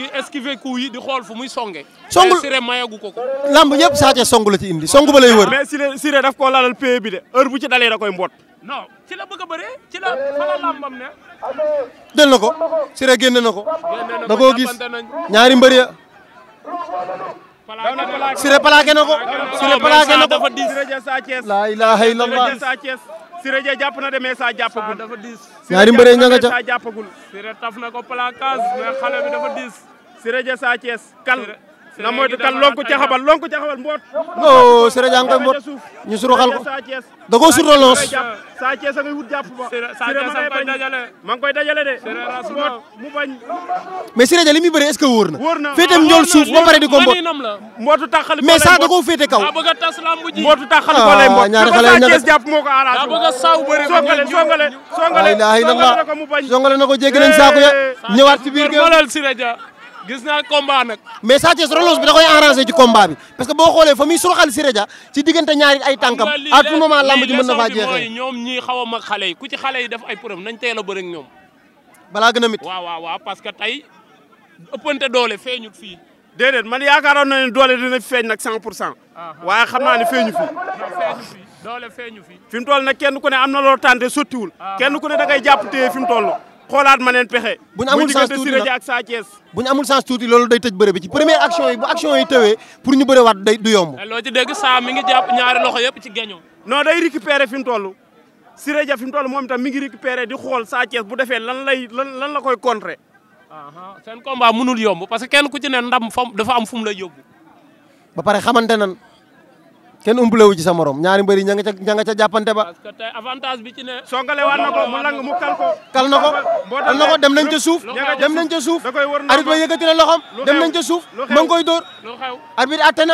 ngi esquiver coup di xool fu muy songe. songul Siré mayagu ko ko. lamb yëpp Sa Thiès la ci indi song ba lay wër. mais Siré Siré daf koo laalal pay bi de heure bu ci dalee da koy mboot. non ci la bëgg a bëree ci la fa la lambam ne. jël na ko Siré génne na ko. da koo gis ñaari mbër ya. Siré plaqué na ko. Siré plaqué na ko. laa ilaaha illallah. Siré Dia jàpp na de mais saa jàppagul. dafa diis. ñaari mbëree ña nga ca saa jàppagul. Siré na ko placage mais xale bi dafa diis. Siré Dia Sa kal na moytu kan lonku ca xabal lonku ca xabal mboot. non Siré Dia nga koy mboot ñu suruxal ko da koo suruxal loos. Sa Thiès a ngay wut jàpp ba. Siré ma ngi koy dajale de. mboot mu bañ. mais Siré Dia li na. wóor na féeteem suuf ba pare di ko mboot. mbootu taxal ko mais saa da koo féete kaw. mbootu taxal ko ah, lay mboot. ñaari xale yi ñaga jàpp moo ko arrangé. songale songale songale. songale nañ saako ya eh. ñëwaat ci biir gis naa combat nag. mais Sa Thiès relance bi da koy arrangé ci combat bi parce que boo xoolee fa muy soxal Siré Dia ci diggante ñaari ay tànkam à tout moment lamb ji mën na faa jeexee ñoom ñii xaw a mag xale yi ku ci xale yi def ay problème nañ teel a bëri ak ñoom. balaa gën a mit waaw waaw waaw parce que tey ëppante doole feeñut fii. déedéet man yaakaaroon na ne doole dina feeñ nag 100 pour cent. Ah, ah. waaye xam naa ne feeñu fi. doole feeñu fi. fi mu toll nag kenn ku ne am na loo tànte sottiwul. Ah, kenn ku ne dangay jàpp téye fi mu xoolaat ma neen pexe. bu amul sens tuuti nag loolu day tëj bëre bi ci première action yi bu action yi tëwee pour ñu bëre waat du yomb. loo ci mi ngi jàpp ñaari loxo yëpp ci geño non day récupérer fi mu toll Siré Dia fi mu toll moom itam mi ngi récupérer di xool Sa Thiès bu defee lan lay lan lan la koy contrer. seen combat munul yomb parce que kenn ku ci ne ndam fa dafa am fu mu lay yóbbu. ba pare xamante nan kenn umbalewu ci sa morom ñaari mbëri ña nga ba. parce que tey mu kal ko. kal na kal na dem nañ ca suuf. dem nañ ca suuf. da koy wër loxom dem nañ ca suuf. ma koy dóor. arbitre atte na